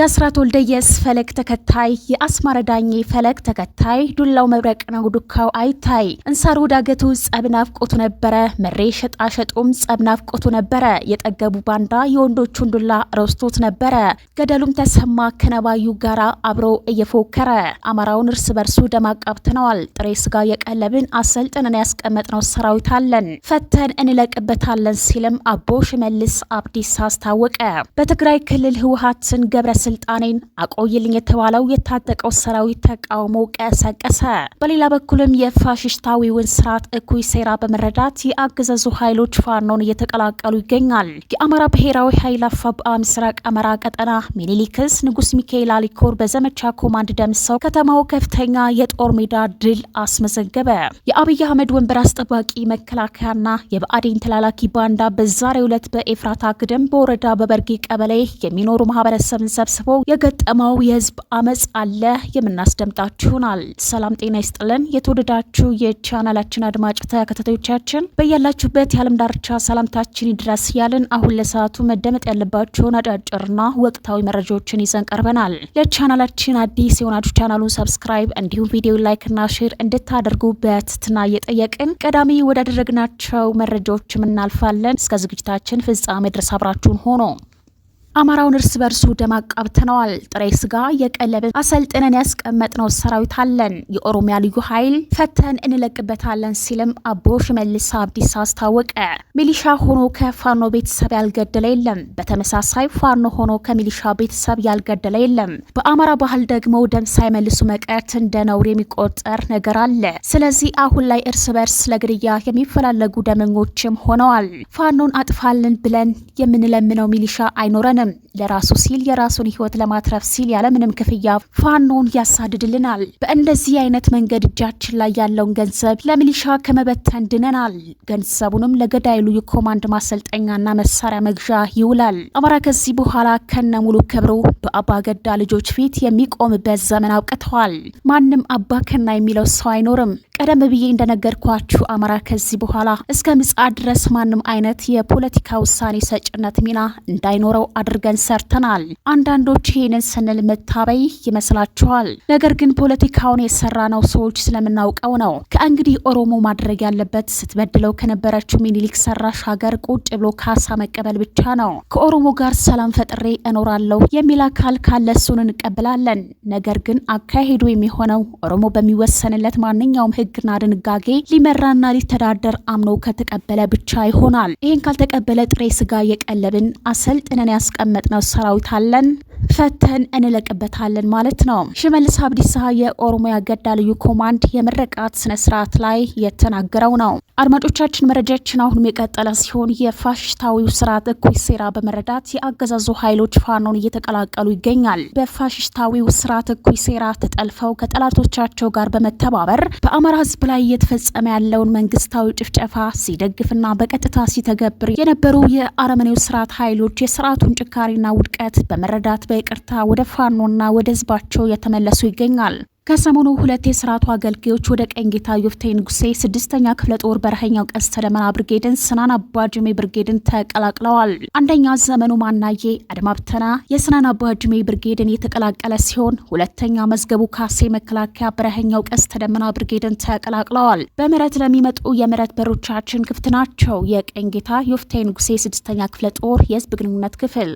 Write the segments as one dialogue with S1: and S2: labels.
S1: የአስራት ወልደየስ ፈለግ ተከታይ የአስማረ ዳኜ ፈለግ ተከታይ ዱላው መብረቅ ነው ዱካው አይታይ እንሳሩ ዳገቱ ጸብ ነበረ መሬ ሸጣሸጡም ጸብ ነበረ የጠገቡ ባንዳ የወንዶቹን ዱላ ረስቶት ነበረ ገደሉም ተሰማ ከነባዩ ጋራ አብሮ እየፎከረ አማራውን እርስ በርሱ ደማቃብትነዋል ጥሬ ስጋ የቀለብን አሰልጥነን ያስቀመጥነው ሰራዊት አለን ፈተን እንለቅበታለን ሲልም አቦ ሽመልስ አብዲስ አስታወቀ በትግራይ ክልል ህወሀትን ገብረስ ስልጣኔን አቆይልኝ የተባለው የታጠቀው ሰራዊት ተቃውሞ ቀሰቀሰ። በሌላ በኩልም የፋሽስታዊውን ስርዓት እኩይ ሴራ በመረዳት የአገዛዙ ኃይሎች ፋኖን እየተቀላቀሉ ይገኛል። የአማራ ብሔራዊ ኃይል አፋብአ ምስራቅ አማራ ቀጠና ሚኒሊክስ ንጉስ ሚካኤል አሊኮር በዘመቻ ኮማንድ ደምሰው ከተማው ከፍተኛ የጦር ሜዳ ድል አስመዘገበ። የአብይ አህመድ ወንበር አስጠባቂ መከላከያና የብአዴን ተላላኪ ባንዳ በዛሬው ዕለት በኤፍራታ ግድም በወረዳ በበርጌ ቀበሌ የሚኖሩ ማህበረሰብን ሰብስ ተሰባስቦ የገጠመው የህዝብ አመፅ አለ የምናስደምጣችሁናል። ሰላም ጤና ይስጥልን። የተወደዳችሁ የቻናላችን አድማጭ ተከታታዮቻችን በያላችሁበት የዓለም ዳርቻ ሰላምታችን ይድረስ ያልን አሁን ለሰዓቱ መደመጥ ያለባቸውን አጫጭርና ወቅታዊ መረጃዎችን ይዘን ቀርበናል። ለቻናላችን አዲስ የሆናችሁ ቻናሉን ሰብስክራይብ እንዲሁም ቪዲዮ ላይክና ሼር እንድታደርጉ በትትና እየጠየቅን ቀዳሚ ወዳደረግናቸው መረጃዎችም እናልፋለን። እስከ ዝግጅታችን ፍጻሜ ድረስ አብራችሁን ሆኖ አማራውን እርስ በርሱ ደም አቃብተነዋል። ጥሬ ስጋ የቀለብ አሰልጥነን ያስቀመጥነው ሰራዊት አለን። የኦሮሚያ ልዩ ኃይል ፈተን እንለቅበታለን ሲልም አቦ ሽመልስ አብዲስ አስታወቀ። ሚሊሻ ሆኖ ከፋኖ ቤተሰብ ያልገደለ የለም። በተመሳሳይ ፋኖ ሆኖ ከሚሊሻ ቤተሰብ ያልገደለ የለም። በአማራ ባህል ደግሞ ደም ሳይመልሱ መቅረት እንደ ነውር የሚቆጠር ነገር አለ። ስለዚህ አሁን ላይ እርስ በርስ ለግድያ የሚፈላለጉ ደመኞችም ሆነዋል። ፋኖን አጥፋልን ብለን የምንለምነው ሚሊሻ አይኖረን። አይሆንም። ለራሱ ሲል የራሱን ህይወት ለማትረፍ ሲል ያለምንም ክፍያ ፋኖን ያሳድድልናል። በእንደዚህ አይነት መንገድ እጃችን ላይ ያለውን ገንዘብ ለሚሊሻ ከመበተን ድነናል። ገንዘቡንም ለገዳይሉ የኮማንድ ማሰልጠኛና መሳሪያ መግዣ ይውላል። አማራ ከዚህ በኋላ ከነ ሙሉ ክብሩ በአባገዳ ልጆች ፊት የሚቆምበት ዘመን አውቅተዋል። ማንም አባከና የሚለው ሰው አይኖርም። ቀደም ብዬ እንደነገርኳችሁ አማራ ከዚህ በኋላ እስከ ምጽአት ድረስ ማንም አይነት የፖለቲካ ውሳኔ ሰጭነት ሚና እንዳይኖረው አድርገን ሰርተናል። አንዳንዶች ይህንን ስንል መታበይ ይመስላችኋል። ነገር ግን ፖለቲካውን የሰራ ነው ሰዎች ስለምናውቀው ነው። ከእንግዲህ ኦሮሞ ማድረግ ያለበት ስትበድለው ከነበረችው ሚኒሊክ ሰራሽ ሀገር ቁጭ ብሎ ካሳ መቀበል ብቻ ነው። ከኦሮሞ ጋር ሰላም ፈጥሬ እኖራለሁ የሚል አካል ካለ እሱን እንቀበላለን። ነገር ግን አካሄዱ የሚሆነው ኦሮሞ በሚወሰንለት ማንኛውም ህግ ህግና ድንጋጌ ሊመራና ሊተዳደር አምኖ ከተቀበለ ብቻ ይሆናል። ይህን ካልተቀበለ ጥሬ ስጋ የቀለብን አሰልጥነን ያስቀመጥነው ሰራዊት አለን ፈተን እንለቅበታለን ማለት ነው። ሽመልስ አብዲሳ የኦሮሞ ገዳ ልዩ ኮማንድ የምረቃት ስነስርዓት ላይ የተናገረው ነው። አድማጮቻችን መረጃችን አሁንም የቀጠለ ሲሆን የፋሽስታዊው ስርዓት እኩይ ሴራ በመረዳት የአገዛዙ ኃይሎች ፋኖን እየተቀላቀሉ ይገኛል። በፋሽስታዊው ስርዓት እኩይ ሴራ ተጠልፈው ከጠላቶቻቸው ጋር በመተባበር በአማራ ሕዝብ ላይ እየተፈጸመ ያለውን መንግስታዊ ጭፍጨፋ ሲደግፍና በቀጥታ ሲተገብር የነበሩ የአረመኔው ስርዓት ኃይሎች የስርዓቱን ጭካሪና ውድቀት በመረዳት በይቅርታ ወደ ፋኖና ወደ ህዝባቸው የተመለሱ ይገኛል። ከሰሞኑ ሁለት የስርዓቱ አገልጋዮች ወደ ቀኝ ጌታ ዮፍቴ ንጉሴ ስድስተኛ ክፍለ ጦር በረሀኛው ቀስተ ደመና ብርጌድን፣ ስናን አባጅሜ ብርጌድን ተቀላቅለዋል። አንደኛ ዘመኑ ማናዬ አድማብተና የስናን አባጅሜ ብርጌድን የተቀላቀለ ሲሆን ሁለተኛ መዝገቡ ካሴ መከላከያ በረሀኛው ቀስተ ደመና ብርጌድን ተቀላቅለዋል። በምረት ለሚመጡ የምረት በሮቻችን ክፍት ናቸው። ጌታ ዮፍቴ ንጉሴ ስድስተኛ ክፍለ ጦር የህዝብ ግንኙነት ክፍል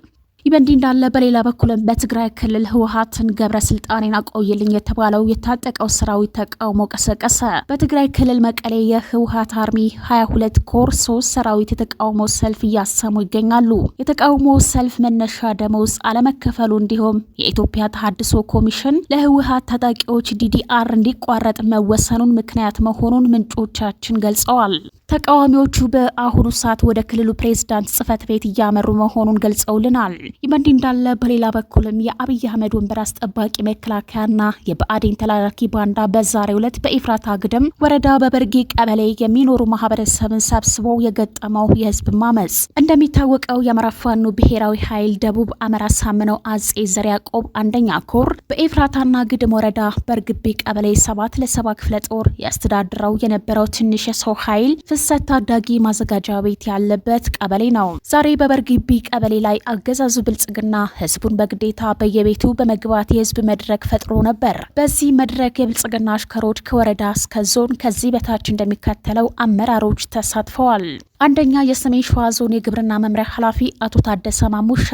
S1: ይህ በእንዲህ እንዳለ በሌላ በኩልም በትግራይ ክልል ህወሀትን ገብረ ስልጣኔን አቆይልኝ የተባለው የታጠቀው ሰራዊት ተቃውሞ ቀሰቀሰ። በትግራይ ክልል መቀሌ የህወሀት አርሚ 22 ኮር ሶስት ሰራዊት የተቃውሞ ሰልፍ እያሰሙ ይገኛሉ። የተቃውሞ ሰልፍ መነሻ ደመወዝ አለመከፈሉ እንዲሁም የኢትዮጵያ ተሃድሶ ኮሚሽን ለህወሀት ታጣቂዎች ዲዲአር እንዲቋረጥ መወሰኑን ምክንያት መሆኑን ምንጮቻችን ገልጸዋል። ተቃዋሚዎቹ በአሁኑ ሰዓት ወደ ክልሉ ፕሬዝዳንት ጽህፈት ቤት እያመሩ መሆኑን ገልጸውልናል። ይህ እንዳለ በሌላ በኩልም የአብይ አህመድ ወንበር አስጠባቂ መከላከያና የብአዴን ተላላኪ ባንዳ በዛሬው ዕለት በኤፍራታ ግድም ወረዳ በበርጌ ቀበሌ የሚኖሩ ማህበረሰብን ሰብስበው የገጠመው የህዝብ ማመፅ እንደሚታወቀው የአማራ ፋኖ ብሔራዊ ኃይል ደቡብ አማራ ሳምነው አጼ ዘር ያዕቆብ አንደኛ ኮር በኤፍራታና ግድም ወረዳ በርግቤ ቀበሌ ሰባት ለሰባ ክፍለ ጦር ያስተዳድረው የነበረው ትንሽ የሰው ኃይል ሰት ታዳጊ ማዘጋጃ ቤት ያለበት ቀበሌ ነው። ዛሬ በበርግቢ ቀበሌ ላይ አገዛዙ ብልጽግና ህዝቡን በግዴታ በየቤቱ በመግባት የህዝብ መድረክ ፈጥሮ ነበር። በዚህ መድረክ የብልጽግና አሽከሮች ከወረዳ እስከ ዞን ከዚህ በታች እንደሚከተለው አመራሮች ተሳትፈዋል። አንደኛ የሰሜን ሸዋ ዞን የግብርና መምሪያ ኃላፊ አቶ ታደሰ ማሙሻ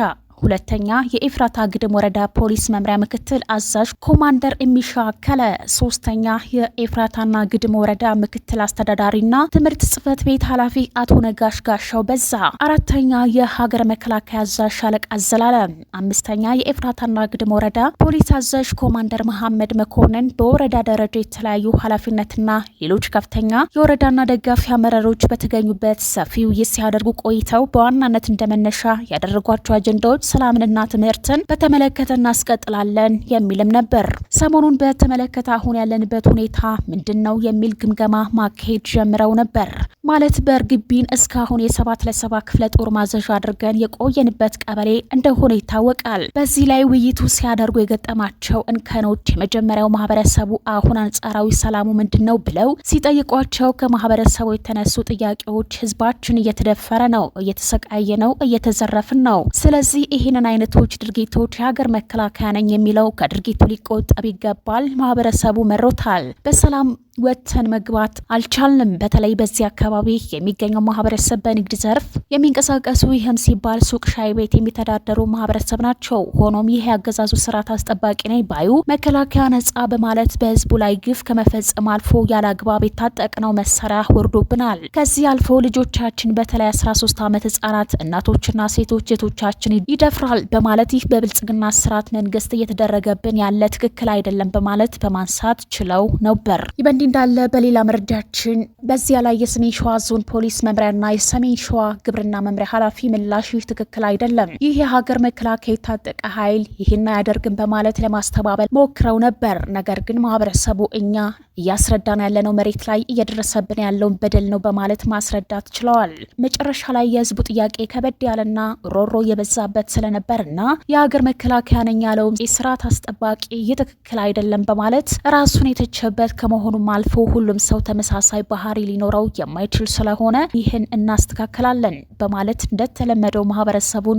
S1: ሁለተኛ የኤፍራታ ግድም ወረዳ ፖሊስ መምሪያ ምክትል አዛዥ ኮማንደር የሚሻከለ ሶስተኛ የኤፍራታና ግድም ወረዳ ምክትል አስተዳዳሪና ትምህርት ጽህፈት ቤት ኃላፊ አቶ ነጋሽ ጋሻው በዛ፣ አራተኛ የሀገር መከላከያ አዛዥ ሻለቃ አዘላለም፣ አምስተኛ የኤፍራታና ግድም ወረዳ ፖሊስ አዛዥ ኮማንደር መሐመድ መኮንን በወረዳ ደረጃ የተለያዩ ኃላፊነትና ሌሎች ከፍተኛ የወረዳና ደጋፊ አመራሮች በተገኙበት ሰፊ ውይይት ሲያደርጉ ቆይተው በዋናነት እንደመነሻ ያደረጓቸው አጀንዳዎች ሰላምንና ትምህርትን በተመለከተ እናስቀጥላለን የሚልም ነበር። ሰሞኑን በተመለከተ አሁን ያለንበት ሁኔታ ምንድን ነው የሚል ግምገማ ማካሄድ ጀምረው ነበር። ማለት ግቢን እስካሁን የሰባት ለሰባ ክፍለ ጦር ማዘዣ አድርገን የቆየንበት ቀበሌ እንደሆነ ይታወቃል። በዚህ ላይ ውይይቱ ሲያደርጉ የገጠማቸው እንከኖች የመጀመሪያው ማህበረሰቡ አሁን አንጻራዊ ሰላሙ ምንድን ነው ብለው ሲጠይቋቸው ከማህበረሰቡ የተነሱ ጥያቄዎች ህዝባችን እየተደፈረ ነው፣ እየተሰቃየ ነው፣ እየተዘረፍን ነው። ስለዚህ ይህንን አይነቶች ድርጊቶች የሀገር መከላከያ ነኝ የሚለው ከድርጊቱ ሊቆጠብ ይገባል። ማህበረሰቡ መሮታል። በሰላም ወጥተን መግባት አልቻልንም። በተለይ በዚህ አካባቢ የሚገኘው ማህበረሰብ በንግድ ዘርፍ የሚንቀሳቀሱ ይህም ሲባል ሱቅ፣ ሻይ ቤት የሚተዳደሩ ማህበረሰብ ናቸው። ሆኖም ይህ ያገዛዙ ስርዓት አስጠባቂ ነኝ ባዩ መከላከያ ነጻ በማለት በህዝቡ ላይ ግፍ ከመፈጸም አልፎ ያለ አግባብ የታጠቅነው መሳሪያ ወርዶብናል። ከዚህ አልፎ ልጆቻችን በተለይ 13 ዓመት ህጻናት እናቶችና ሴቶች ሴቶቻችን ይደፍራል በማለት ይህ በብልጽግና ስርዓት መንግስት እየተደረገብን ያለ ትክክል አይደለም በማለት በማንሳት ችለው ነበር። በእንዲህ እንዳለ በሌላ መረጃችን በዚያ ላይ የሰሜን ሸዋ ዞን ፖሊስ መምሪያና የሰሜን ሸዋ ግብርና መምሪያ ኃላፊ ምላሽ ይህ ትክክል አይደለም፣ ይህ የሀገር መከላከያ የታጠቀ ኃይል ይህን አያደርግም በማለት ለማስተባበል ሞክረው ነበር። ነገር ግን ማህበረሰቡ እኛ እያስረዳን ያለነው መሬት ላይ እየደረሰብን ያለውን በደል ነው በማለት ማስረዳት ችለዋል። መጨረሻ ላይ የህዝቡ ጥያቄ ከበድ ያለና ሮሮ የበዛበት ስለነበርና የሀገር መከላከያ ነኝ ያለውም የስርዓት አስጠባቂ ትክክል አይደለም በማለት ራሱን የተቸበት ከመሆኑም አልፎ ሁሉም ሰው ተመሳሳይ ባህሪ ሊኖረው የማይችል ስለሆነ ይህን እናስተካከላለን በማለት እንደተለመደው ማህበረሰቡን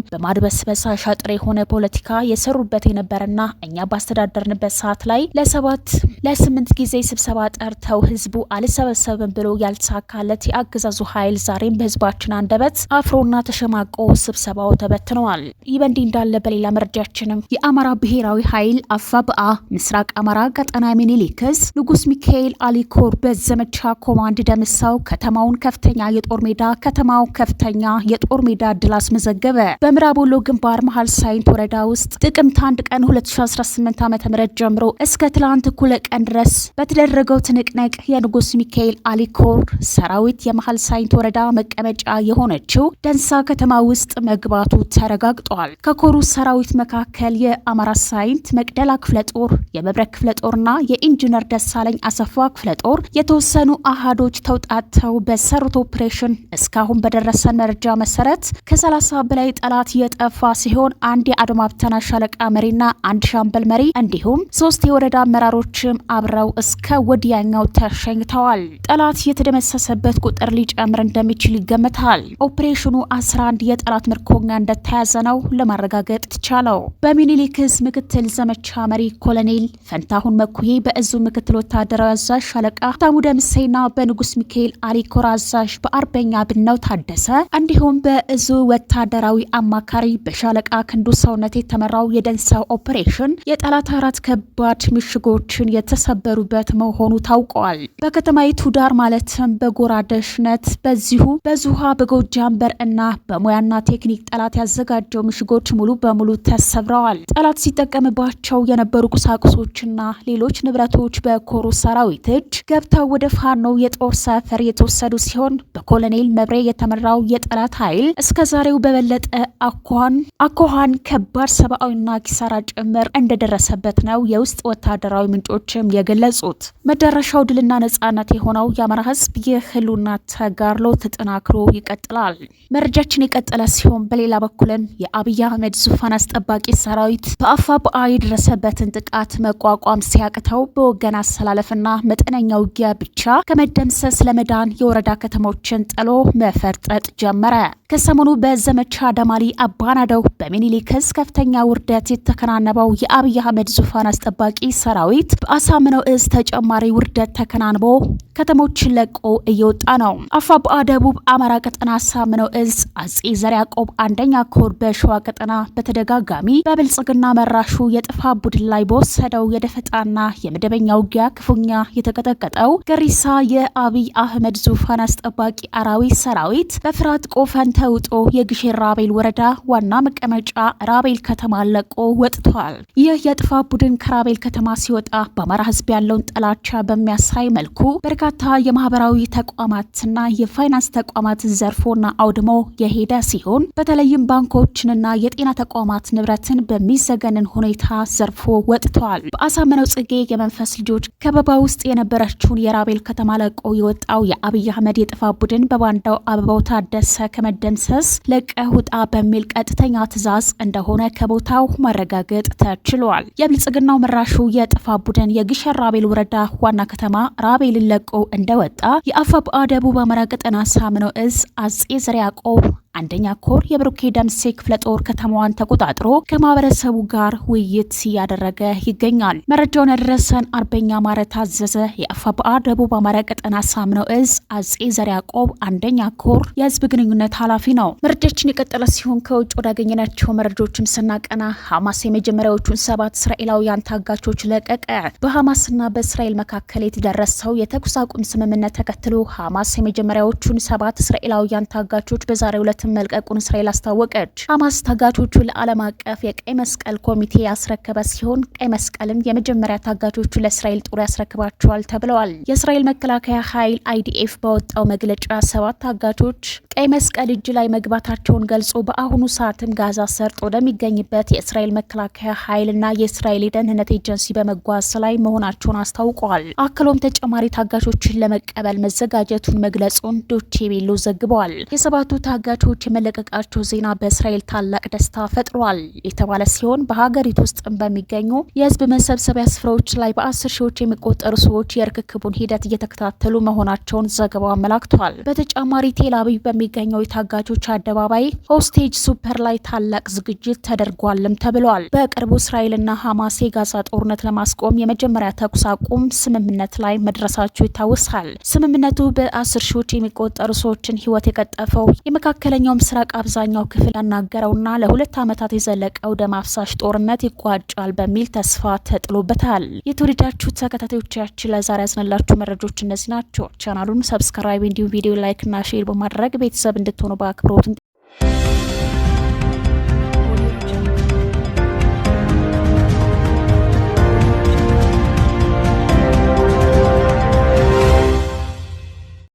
S1: በሳ ሻጥር የሆነ ፖለቲካ የሰሩበት የነበረና እኛ ባስተዳደርንበት ሰዓት ላይ ለሰባት ለስምንት ጊዜ ስብሰ ስብሰባ ጠርተው ህዝቡ አልሰበሰብም ብሎ ያልተሳካለት የአገዛዙ ኃይል ዛሬም በህዝባችን አንደበት አፍሮና ተሸማቆ ስብሰባው ተበትነዋል። ይህ በእንዲህ እንዳለ በሌላ መረጃችንም የአማራ ብሔራዊ ኃይል አፋብአ ምስራቅ አማራ ቀጠና ሚኒሊክስ ንጉስ ሚካኤል አሊኮር በዘመቻ ኮማንድ ደምሳው ከተማውን ከፍተኛ የጦር ሜዳ ከተማው ከፍተኛ የጦር ሜዳ ድል አስመዘገበ። በምዕራብ ወሎ ግንባር መሀል ሳይንት ወረዳ ውስጥ ጥቅምት አንድ ቀን 2018 ዓ ም ጀምሮ እስከ ትላንት እኩለ ቀን ድረስ በተደረ በተደረገው ትንቅንቅ የንጉስ ሚካኤል አሊኮር ሰራዊት የመሀል ሳይንት ወረዳ መቀመጫ የሆነችው ደንሳ ከተማ ውስጥ መግባቱ ተረጋግጧል። ከኮሩ ሰራዊት መካከል የአማራ ሳይንት መቅደላ ክፍለ ጦር፣ የመብረክ ክፍለ ጦርና የኢንጂነር ደሳለኝ አሰፋ ክፍለ ጦር የተወሰኑ አሃዶች ተውጣተው በሰሩት ኦፕሬሽን እስካሁን በደረሰን መረጃ መሰረት ከ30 በላይ ጠላት የጠፋ ሲሆን አንድ የአድማ ብተና ሻለቃ መሪና አንድ ሻምበል መሪ እንዲሁም ሶስት የወረዳ አመራሮችም አብረው እስከ ወዲያኛው ተሸኝተዋል። ጠላት የተደመሰሰበት ቁጥር ሊጨምር እንደሚችል ይገመታል። ኦፕሬሽኑ 11 የጠላት ምርኮኛ እንደተያዘ ነው ለማረጋገጥ ትቻለው። በሚኒሊክስ ምክትል ዘመቻ መሪ ኮሎኔል ፈንታሁን መኩዬ በእዙ ምክትል ወታደራዊ አዛዥ ሻለቃ ታሙ ደምሴና በንጉስ ሚካኤል አሊኮር አዛዥ በአርበኛ ብነው ታደሰ እንዲሁም በእዙ ወታደራዊ አማካሪ በሻለቃ ክንዱ ሰውነት የተመራው የደንሳው ኦፕሬሽን የጠላት አራት ከባድ ምሽጎችን የተሰበሩበት መሆኑ መሆኑ ታውቋል። በከተማይቱ ዳር ማለትም በጎራ ደሽነት በዚሁ በዙሃ በጎጃም በር እና በሙያና ቴክኒክ ጠላት ያዘጋጀው ምሽጎች ሙሉ በሙሉ ተሰብረዋል። ጠላት ሲጠቀምባቸው የነበሩ ቁሳቁሶችና ሌሎች ንብረቶች በኮሮ ሰራዊት እጅ ገብተው ወደ ፋኖ የጦር ሰፈር የተወሰዱ ሲሆን በኮሎኔል መብሬ የተመራው የጠላት ኃይል እስከ ዛሬው በበለጠ አኳን አኳኋን ከባድ ሰብአዊና ኪሳራ ጭምር እንደደረሰበት ነው የውስጥ ወታደራዊ ምንጮችም የገለጹት። መዳረሻው ድልና ነጻነት የሆነው የአማራ ህዝብ የህልውና ተጋድሎ ተጠናክሮ ይቀጥላል። መረጃችን የቀጠለ ሲሆን በሌላ በኩልም የአብይ አህመድ ዙፋን አስጠባቂ ሰራዊት በአ የደረሰበትን ጥቃት መቋቋም ሲያቅተው በወገን አሰላለፍና መጠነኛ ውጊያ ብቻ ከመደምሰስ ለመዳን የወረዳ ከተሞችን ጥሎ መፈርጠጥ ጀመረ። ከሰሞኑ በዘመቻ ደማሊ አባናደው በሚኒሊክ ከፍተኛ ውርደት የተከናነበው የአብይ አህመድ ዙፋን አስጠባቂ ሰራዊት በአሳምነው እዝ ተጨማ ተጨማሪ ውርደት ተከናንቦ ከተሞችን ለቆ እየወጣ ነው። አፋብአ ደቡብ አማራ ቀጠና ሳምነው እዝ አጼ ዘር ያዕቆብ አንደኛ ኮር በሸዋ ቀጠና በተደጋጋሚ በብልጽግና መራሹ የጥፋ ቡድን ላይ በወሰደው የደፈጣና የመደበኛ ውጊያ ክፉኛ የተቀጠቀጠው ገሪሳ የአብይ አህመድ ዙፋን አስጠባቂ አራዊት ሰራዊት በፍርሃት ቆፈን ተውጦ የግሼ ራቤል ወረዳ ዋና መቀመጫ ራቤል ከተማ ለቆ ወጥቷል። ይህ የጥፋ ቡድን ከራቤል ከተማ ሲወጣ በአማራ ህዝብ ያለውን ጠላት ዳርቻ በሚያሳይ መልኩ በርካታ የማህበራዊ ተቋማትና የፋይናንስ ተቋማት ዘርፎና አውድሞ የሄደ ሲሆን በተለይም ባንኮችንና የጤና ተቋማት ንብረትን በሚዘገንን ሁኔታ ዘርፎ ወጥተዋል። በአሳምነው ጽጌ የመንፈስ ልጆች ከበባ ውስጥ የነበረችውን የራቤል ከተማ ለቆ የወጣው የአብይ አህመድ የጥፋ ቡድን በባንዳው አበባው ታደሰ ከመደምሰስ ለቀህ ውጣ በሚል ቀጥተኛ ትዕዛዝ እንደሆነ ከቦታው ማረጋገጥ ተችሏል። የብልጽግናው መራሹ የጥፋ ቡድን የግሸን ራቤል ወረዳ ዋና ከተማ ራቤልን ለቆ እንደወጣ የአፋብአ ደቡብ አማራ ቀጠና ሳምነው እዝ አጼ ዘርዓ ያዕቆብ አንደኛ ኮር የብሩኬ ደምሴ ክፍለ ጦር ከተማዋን ተቆጣጥሮ ከማህበረሰቡ ጋር ውይይት እያደረገ ይገኛል። መረጃውን ያደረሰን አርበኛ ማረ ታዘዘ የአፋብአ ደቡብ አማራ ቀጠና ሳምነው እዝ አጼ ዘር ያዕቆብ አንደኛ ኮር የህዝብ ግንኙነት ኃላፊ ነው። መረጃችን የቀጠለ ሲሆን ከውጭ ወዳገኘናቸው መረጃዎችም ስናቀና ሐማስ የመጀመሪያዎቹን ሰባት እስራኤላውያን ታጋቾች ለቀቀ። በሐማስና በእስራኤል መካከል የተደረሰው የተኩስ አቁም ስምምነት ተከትሎ ሐማስ የመጀመሪያዎቹን ሰባት እስራኤላውያን ታጋቾች በዛሬው ዕለት ግዛትን መልቀቁን እስራኤል አስታወቀች። ሐማስ ታጋቾቹ ለዓለም አቀፍ የቀይ መስቀል ኮሚቴ ያስረከበ ሲሆን ቀይ መስቀልም የመጀመሪያ ታጋቾቹ ለእስራኤል ጦር ያስረክባቸዋል ተብለዋል። የእስራኤል መከላከያ ኃይል አይዲኤፍ በወጣው መግለጫ ሰባት ታጋቾች ቀይ መስቀል እጅ ላይ መግባታቸውን ገልጾ በአሁኑ ሰዓትም ጋዛ ሰርጥ ወደሚገኝበት የእስራኤል መከላከያ ኃይልና የእስራኤል የደህንነት ኤጀንሲ በመጓዝ ላይ መሆናቸውን አስታውቀዋል። አክሎም ተጨማሪ ታጋቾችን ለመቀበል መዘጋጀቱን መግለጹን ዶቼ ቬለ ዘግበዋል። የሰባቱ ታጋቾ ሴቶች የመለቀቃቸው ዜና በእስራኤል ታላቅ ደስታ ፈጥሯል የተባለ ሲሆን በሀገሪቱ ውስጥም በሚገኙ የህዝብ መሰብሰቢያ ስፍራዎች ላይ በአስር ሺዎች የሚቆጠሩ ሰዎች የርክክቡን ሂደት እየተከታተሉ መሆናቸውን ዘገባው አመላክቷል። በተጨማሪ ቴል በሚገኘው የታጋጆች አደባባይ ሆስቴጅ ሱፐር ላይ ታላቅ ዝግጅት ተደርጓልም ተብሏል። በቅርቡ እስራኤልና ሀማስ የጋዛ ጦርነት ለማስቆም የመጀመሪያ ተኩስ አቁም ስምምነት ላይ መድረሳቸው ይታወሳል። ስምምነቱ በአስር ሺዎች የሚቆጠሩ ሰዎችን ህይወት የቀጠፈው የመካከለኛ የመካከለኛው ምስራቅ አብዛኛው ክፍል ያናገረውና ለሁለት ዓመታት የዘለቀው ደም አፍሳሽ ጦርነት ይቋጫል በሚል ተስፋ ተጥሎበታል። የተወደዳችሁ ተከታታዮቻችን ለዛሬ ያዝንላችሁ መረጃዎች እነዚህ ናቸው። ቻናሉን ሰብስክራይብ እንዲሁም ቪዲዮ ላይክና ሼር በማድረግ ቤተሰብ እንድትሆኑ በአክብሮት